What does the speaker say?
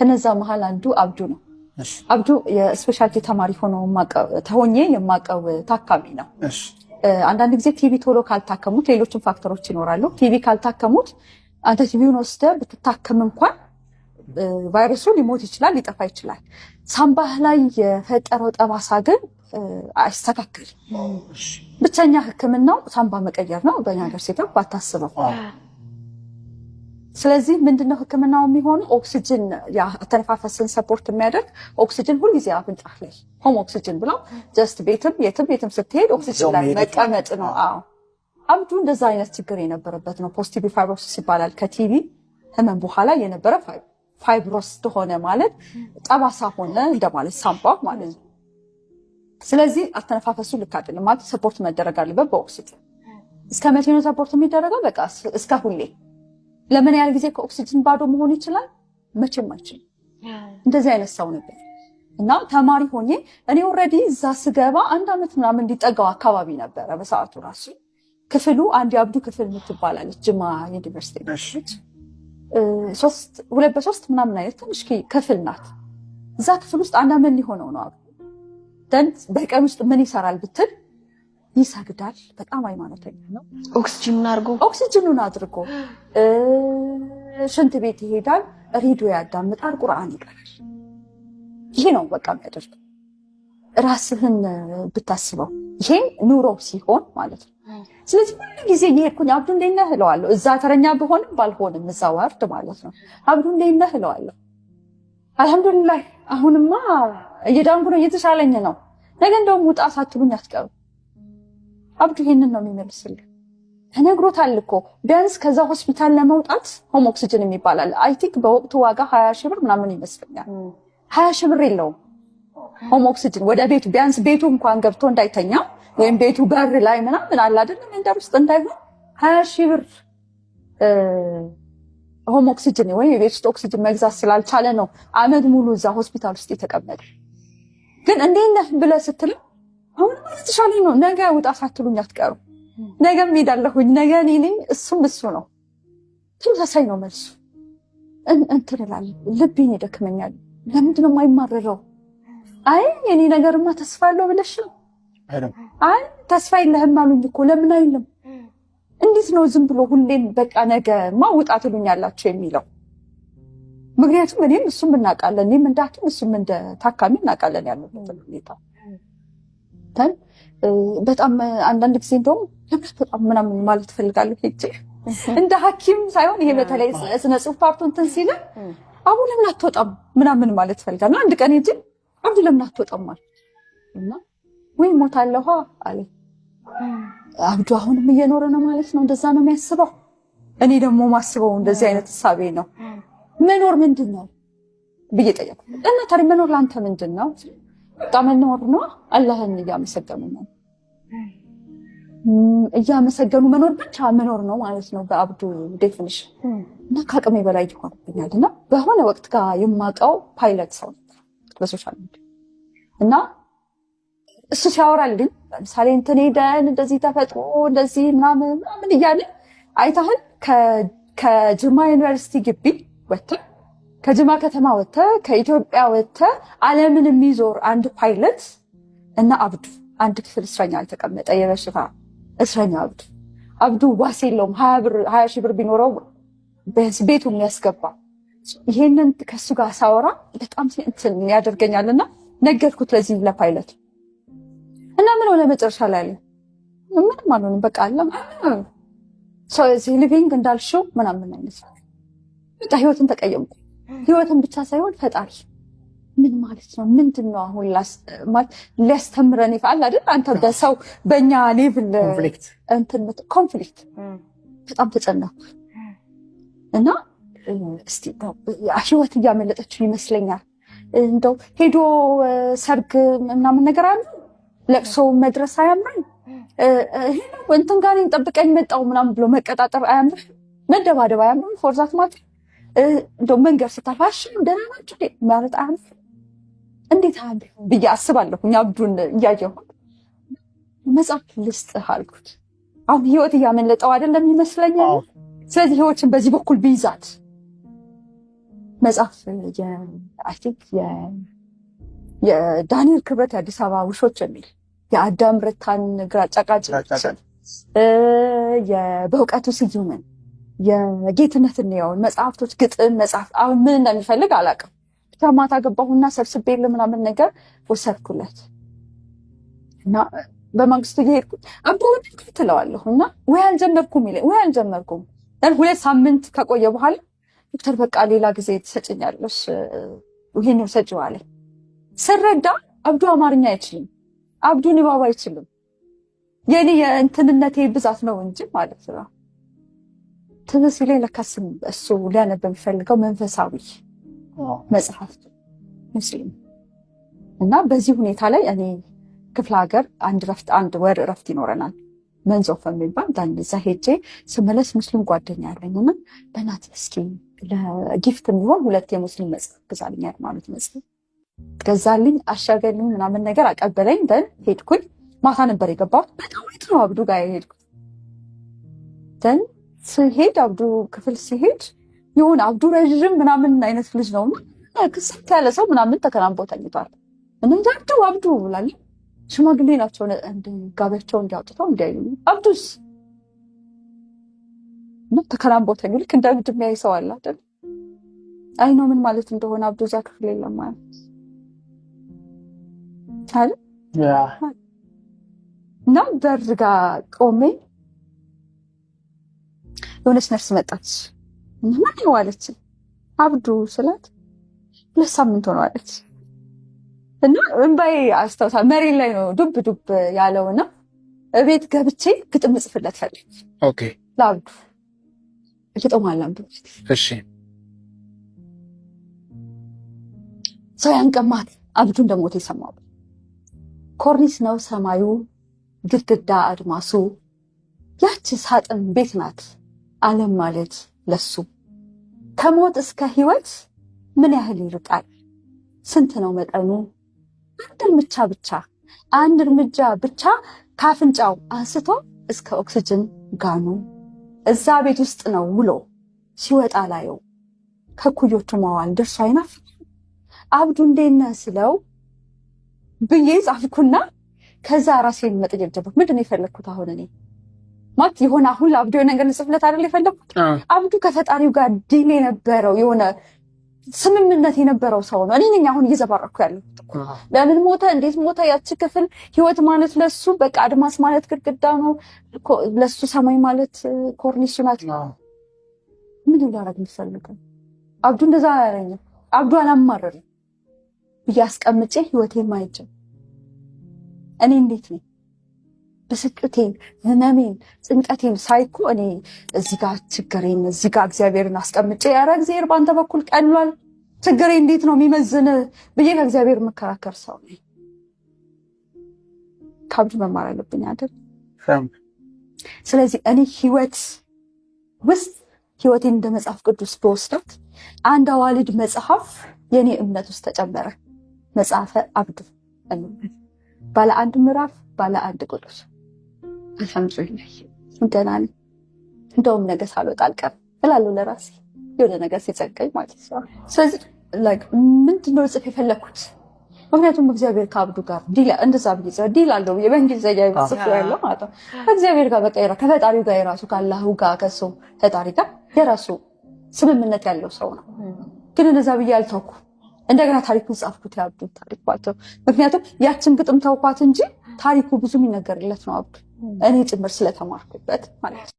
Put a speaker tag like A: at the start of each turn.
A: ከነዛ መሀል አንዱ አብዱ ነው። አብዱ የስፔሻልቲ ተማሪ ሆኖ ተሆኜ የማቀው ታካሚ ነው። አንዳንድ ጊዜ ቲቪ ቶሎ ካልታከሙት ሌሎችም ፋክተሮች ይኖራሉ። ቲቪ ካልታከሙት አንተ ቲቪውን ወስደ ብትታከም እንኳን ቫይረሱ ሊሞት ይችላል፣ ሊጠፋ ይችላል። ሳምባህ ላይ የፈጠረው ጠባሳ ግን አይስተካከል ብቸኛ ሕክምናው ሳምባ መቀየር ነው። በኛ ሀገር ሴቶች ባታስበው ስለዚህ ምንድነው ህክምናው የሚሆኑ ኦክሲጅን አተነፋፈስን ሰፖርት የሚያደርግ ኦክሲጅን ሁልጊዜ አፍንጫህ ላይ ሆም ኦክሲጅን ብለው ጀስት ቤትም የትም የትም ስትሄድ ኦክሲጅን ላይ መቀመጥ ነው። አዎ አብዱ እንደዛ አይነት ችግር የነበረበት ነው። ፖስቲቪ ፋይብሮሲስ ይባላል። ከቲቪ ህመም በኋላ የነበረ ፋይብሮስ ሆነ ማለት ጠባሳ ሆነ እንደማለት ሳምባ ማለት ነው። ስለዚህ አተነፋፈሱ ልክ አይደለም ማለት ሰፖርት መደረግ አለበት በኦክሲጅን። እስከ መቼ ነው ሰፖርት የሚደረገው? በቃ እስከ ሁሌ ለምን ያህል ጊዜ ከኦክሲጅን ባዶ መሆን ይችላል? መቼም አይችልም። እንደዚህ አይነት ሰው ነበር እና ተማሪ ሆኜ እኔ ኦልሬዲ እዛ ስገባ አንድ ዓመት ምናምን እንዲጠጋው አካባቢ ነበረ። በሰዓቱ ራሱ ክፍሉ አንድ የአብዱ ክፍል የምትባላለች ጅማ ዩኒቨርሲቲ ሁለት በሶስት ምናምን አይነት ትንሽ ክፍል ናት። እዛ ክፍል ውስጥ አንድ ዓመት ሊሆነው ነው አብዱ። ደን በቀን ውስጥ ምን ይሰራል ብትል ይሰግዳል። በጣም ሃይማኖተኛ ነው።
B: ኦክስጂኑን አድርጎ
A: ኦክስጂኑን አድርጎ ሽንት ቤት ይሄዳል። ሬዲዮ ያዳምጣል። ቁርአን ይቀራል። ይሄ ነው በቃ የሚያደርገው። ራስህን ብታስበው ይሄን ኑሮ ሲሆን ማለት ነው። ስለዚህ ሁሉ ጊዜ እየሄድኩኝ አብዱ እንዴት ነህ እለዋለሁ። እዛ ተረኛ ብሆንም ባልሆንም እዛ ዋርድ ማለት ነው። አብዱ እንዴት ነህ እለዋለሁ። አልሐምዱሊላህ አሁንማ እየዳንጉ ነው፣ እየተሻለኝ ነው። ነገ እንደውም ውጣ ሳትሉኝ አትቀሩ አብዱ ይሄንን ነው የሚመልስልህ። ተነግሮታል እኮ ቢያንስ ከዛ ሆስፒታል ለመውጣት ሆም ኦክሲጅን የሚባላል አይ ቲንክ በወቅቱ ዋጋ ሀያ ሺህ ብር ምናምን ይመስለኛል። ሀያ ሺህ ብር የለውም ሆም ኦክሲጅን ወደ ቤቱ ቢያንስ ቤቱ እንኳን ገብቶ እንዳይተኛ ወይም ቤቱ በር ላይ ምናምን አለ አይደለም መንደር ውስጥ እንዳይሆን ሀያ ሺህ ብር ሆም ኦክሲጅን ወይም የቤት ውስጥ ኦክሲጅን መግዛት ስላልቻለ ነው አመት ሙሉ እዛ ሆስፒታል ውስጥ የተቀመጠ። ግን እንዴት ነህ ብለህ ስትልም አሁን አልተሻለኝ ነው። ነገ ውጣ ሳትሉኝ አትቀሩ። ነገ ሄዳለሁኝ። ነገ እኔ ነኝ፣ እሱም እሱ ነው። ተመሳሳይ ነው መልሱ። እንትን እላለሁ፣ ልቤን ይደክመኛል። ለምንድን ነው የማይማረረው? አይ የኔ ነገርማ ተስፋ አለው ብለሽ ነው። አይ ተስፋ የለህም አሉኝ እኮ ለምን አይልም? እንዴት ነው ዝም ብሎ ሁሌም በቃ ነገማ ውጣ ትሉኛላችሁ የሚለው? ምክንያቱም እኔም እሱም እናውቃለን፣ እኔም እንደ ሐኪም እሱም እንደ ታካሚ እናውቃለን ያለበት ሁኔታ ገብተን በጣም አንዳንድ ጊዜ እንደውም ለምረት በጣም ምናምን ማለት እፈልጋለሁ ሄጄ እንደ ሐኪም ሳይሆን ይሄ በተለይ ስነ ጽሁፍ ፓርቱ እንትን ሲል አቡ ለምን አትወጣም ምናምን ማለት እፈልጋለሁ። አንድ ቀን ሄጄ አብዱ ለምን አትወጣም ማለት እና ወይ ሞታለሁ አለ አብዱ። አሁንም እየኖረ ነው ማለት ነው፣ እንደዛ ነው የሚያስበው። እኔ ደግሞ ማስበው እንደዚህ አይነት እሳቤ ነው። መኖር ምንድን ነው ብዬ ጠየኩት እና ታዲያ መኖር ለአንተ ምንድን ነው በጣም መኖር ነው። አላህን እያመሰገኑ ነው እያመሰገኑ መኖር ብቻ መኖር ነው ማለት ነው በአብዱ ዴፊኒሽ እና ከአቅሜ በላይ ይሆንብኛል እና በሆነ ወቅት ጋር የማውቀው ፓይለት ሰው በሶሻል ሚዲያ እና እሱ ሲያወራል ግን ለምሳሌ እንትን ሄደን እንደዚህ ተፈጥሮ እንደዚህ ምናምን ምናምን እያለ አይታህን ከጅማ ዩኒቨርሲቲ ግቢ ወጥተህ ከጅማ ከተማ ወጥተ ከኢትዮጵያ ወጥተ ዓለምን የሚዞር አንድ ፓይለት እና አብዱ አንድ ክፍል እስረኛ አልተቀመጠ የበሽታ እስረኛ አብዱ አብዱ ዋስ የለውም። ሀያ ሺህ ብር ቢኖረው ቤቱ የሚያስገባ ይሄንን ከሱ ጋር ሳወራ በጣም እንትን እና ነገርኩት ለዚህ ለፓይለቱ እና ምን ሆነ መጨረሻ ላይ ያለ ምንም አልሆንም። በቃ አለ ሰው ሊቪንግ እንዳልሽው ምናምን አይነት በቃ ህይወትን ተቀየምኩ። ህይወትን ብቻ ሳይሆን ፈጣሪ ምን ማለት ነው? ምንድን ነው አሁን ሊያስተምረን ይፋል አይደል? አንተ በሰው በእኛ ሌቭል ኮንፍሊክት በጣም ተጨነኩ እና ህይወት እያመለጠችው ይመስለኛል። እንደው ሄዶ ሰርግ ምናምን ነገር አለ ለቅሶ መድረስ አያምርም። እንትን ጋር ጠብቀኝ መጣው ምናምን ብሎ መቀጣጠር አያምርም። መደባደብ አያምርም። ፎርዛት ማለት እንደ መንገድ ስታፋሽ ደህና ናቸው ማለት አሁን እንዴት አለ ብዬ አስባለሁ። እኛ አብዱን እያየሁ መጽሐፍ ልስጥህ አልኩት። አሁን ህይወት እያመለጠው አይደለም ይመስለኛል። ስለዚህ ህይወትን በዚህ በኩል ብይዛት መጽሐፍ የዳንኤል ክብረት የአዲስ አበባ ውሾች የሚል የአዳም ረታን ግራጫ ቃጭ የበእውቀቱ ስዩምን የጌትነት እንየውን መጽሐፍቶች፣ ግጥም መጽሐፍ አሁን ምን እንደሚፈልግ አላውቅም። ብቻ ማታ ገባሁና ሰብስቤ ምናምን ነገር ወሰድኩለት እና በመንግስቱ እየሄድኩ አባወድ ትለዋለሁ እና ወይ አልጀመርኩም ይለኝ ወይ አልጀመርኩም። ሁለት ሳምንት ከቆየ በኋላ ዶክተር በቃ ሌላ ጊዜ ትሰጭኛለሽ፣ ይህን ውሰጭ አለኝ። ስረዳ አብዱ አማርኛ አይችልም፣ አብዱ ንባብ አይችልም። የኔ የእንትንነቴ ብዛት ነው እንጂ ማለት ነው ትንሽ ላይ ለካስ እሱ ሊያነብ የሚፈልገው መንፈሳዊ መጽሐፍት ሙስሊም እና በዚህ ሁኔታ ላይ እኔ ክፍለ ሀገር አንድ ረፍት አንድ ወር ረፍት ይኖረናል። መንዞፍ የሚባል ዳንድ እዛ ሄጄ ስመለስ ሙስሊም ጓደኛ ያለኝ ና በናት እስኪ ለጊፍት የሚሆን ሁለት የሙስሊም መጽሐፍ ግዛልኝ ሃይማኖት መጽሐፍ ገዛልኝ፣ አሻገልኝ ምናምን ነገር አቀበለኝ። ደን ሄድኩኝ። ማታ ነበር የገባሁት። በጣም ነው አብዱ ጋር የሄድኩት ስሄድ አብዱ ክፍል ሲሄድ የሆነ አብዱ ረዥም ምናምን አይነት ልጅ ነው ክስት ያለ ሰው ምናምን ተከናንቦ ተኝቷል። እና አብዱ አብዱ ብላለ ሽማግሌ ናቸው ጋቢያቸው እንዲያውጥተው እንዲያዩ አብዱስ ተከናንቦ ተኝ ልክ እንደ አብዱ የሚያይ ሰው አለ አይደል? አይ ነው ምን ማለት እንደሆነ አብዱ እዛ ክፍል የለም ማለት እና በር ጋ ቆሜ የሆነች ነርስ መጣች። ምን ነው አለች አብዱ ስላት ሁለት ሳምንት ሆነ አለች። እና እንባዬ አስታውሳ መሬት ላይ ነው ዱብ ዱብ ያለው እና እቤት ገብቼ ግጥም ጽፍለት ፈለግ ለአብዱ ግጥም እሺ ሰው ያንቀማት አብዱ እንደሞተ የሰማው ኮርኒስ ነው ሰማዩ ግድግዳ አድማሱ ያች ሳጥን ቤት ናት ዓለም ማለት ለሱ ከሞት እስከ ህይወት ምን ያህል ይርቃል? ስንት ነው መጠኑ? አንድ እርምጃ ብቻ አንድ እርምጃ ብቻ ከአፍንጫው አንስቶ እስከ ኦክስጅን ጋኑ እዛ ቤት ውስጥ ነው ውሎ ሲወጣ ላየው ከኩዮቹ መዋል ደርሶ አይናፍ አብዱ እንዴነ ስለው ብዬ ጻፍኩና ከዛ ራሴን መጠየቅ ጀመርኩ። ምንድን ነው የፈለግኩት አሁን እኔ ማክ የሆነ አሁን ለአብዱ የሆነ ነገር ልጽፍለት አይደል የፈለግኩት። አብዱ ከፈጣሪው ጋር ዲል የነበረው የሆነ ስምምነት የነበረው ሰው ነው። እኔ ነኝ አሁን እየዘባረኩ ያለ ለምን ሞተ፣ እንዴት ሞተ። ያቺ ክፍል ህይወት ማለት ለሱ በቃ አድማስ ማለት ግድግዳ ነው፣ ለሱ ሰማይ ማለት ኮርኒሱ ናት። ምን ላረግ ሚፈልገ አብዱ እንደዛ ያለኝ አብዱ አላማረርም ብዬ አስቀምጬ ህይወቴ ማይችል እኔ እንዴት ነው ብስጭቴን፣ ህመሜን፣ ጭንቀቴን ሳይኮ እኔ እዚጋ ችግሬን እዚጋ እግዚአብሔርን አስቀምጬ ኧረ እግዚአብሔር በአንተ በኩል ቀሏል ችግሬ እንዴት ነው የሚመዝን ብዬ ከእግዚአብሔር የምከራከር ሰው ነኝ። ካብድ መማር አለብኝ አይደል? ስለዚህ እኔ ህይወት ውስጥ ህይወቴን እንደ መጽሐፍ ቅዱስ በወስዳት አንድ አዋልድ መጽሐፍ የእኔ እምነት ውስጥ ተጨመረ። መጽሐፈ አብዱ ባለ አንድ ምዕራፍ ባለ አንድ ቁጥር
B: አልሐምዱሊላህ
A: ደህና ነኝ። እንደውም ነገ ሳልወጣ አልቀርም እላለሁ ለራሴ የሆነ ነገር ሲጸቀኝ ማለት ነው። ስለዚህ ምንድነው ጽፍ የፈለግኩት ምክንያቱም እግዚአብሔር ከአብዱ ጋር እንደዛ ብ ዲል አለው በእንግሊዝኛ ጽፍ ያለው ማለት ነው። ከእግዚአብሔር ጋር በቃ ከፈጣሪው ጋር የራሱ ከአላሁ ጋር ከሰው ፈጣሪ ጋር የራሱ ስምምነት ያለው ሰው ነው። ግን እንደዛ ብዬ አልተውኩ እንደገና ታሪኩን ጻፍኩት የአብዱን ታሪክ ማለት ነው። ምክንያቱም ያችን ግጥም ተውኳት እንጂ ታሪኩ ብዙ የሚነገርለት ነው አብዱ እኔ ጭምር ስለተማርኩበት ማለት ነው።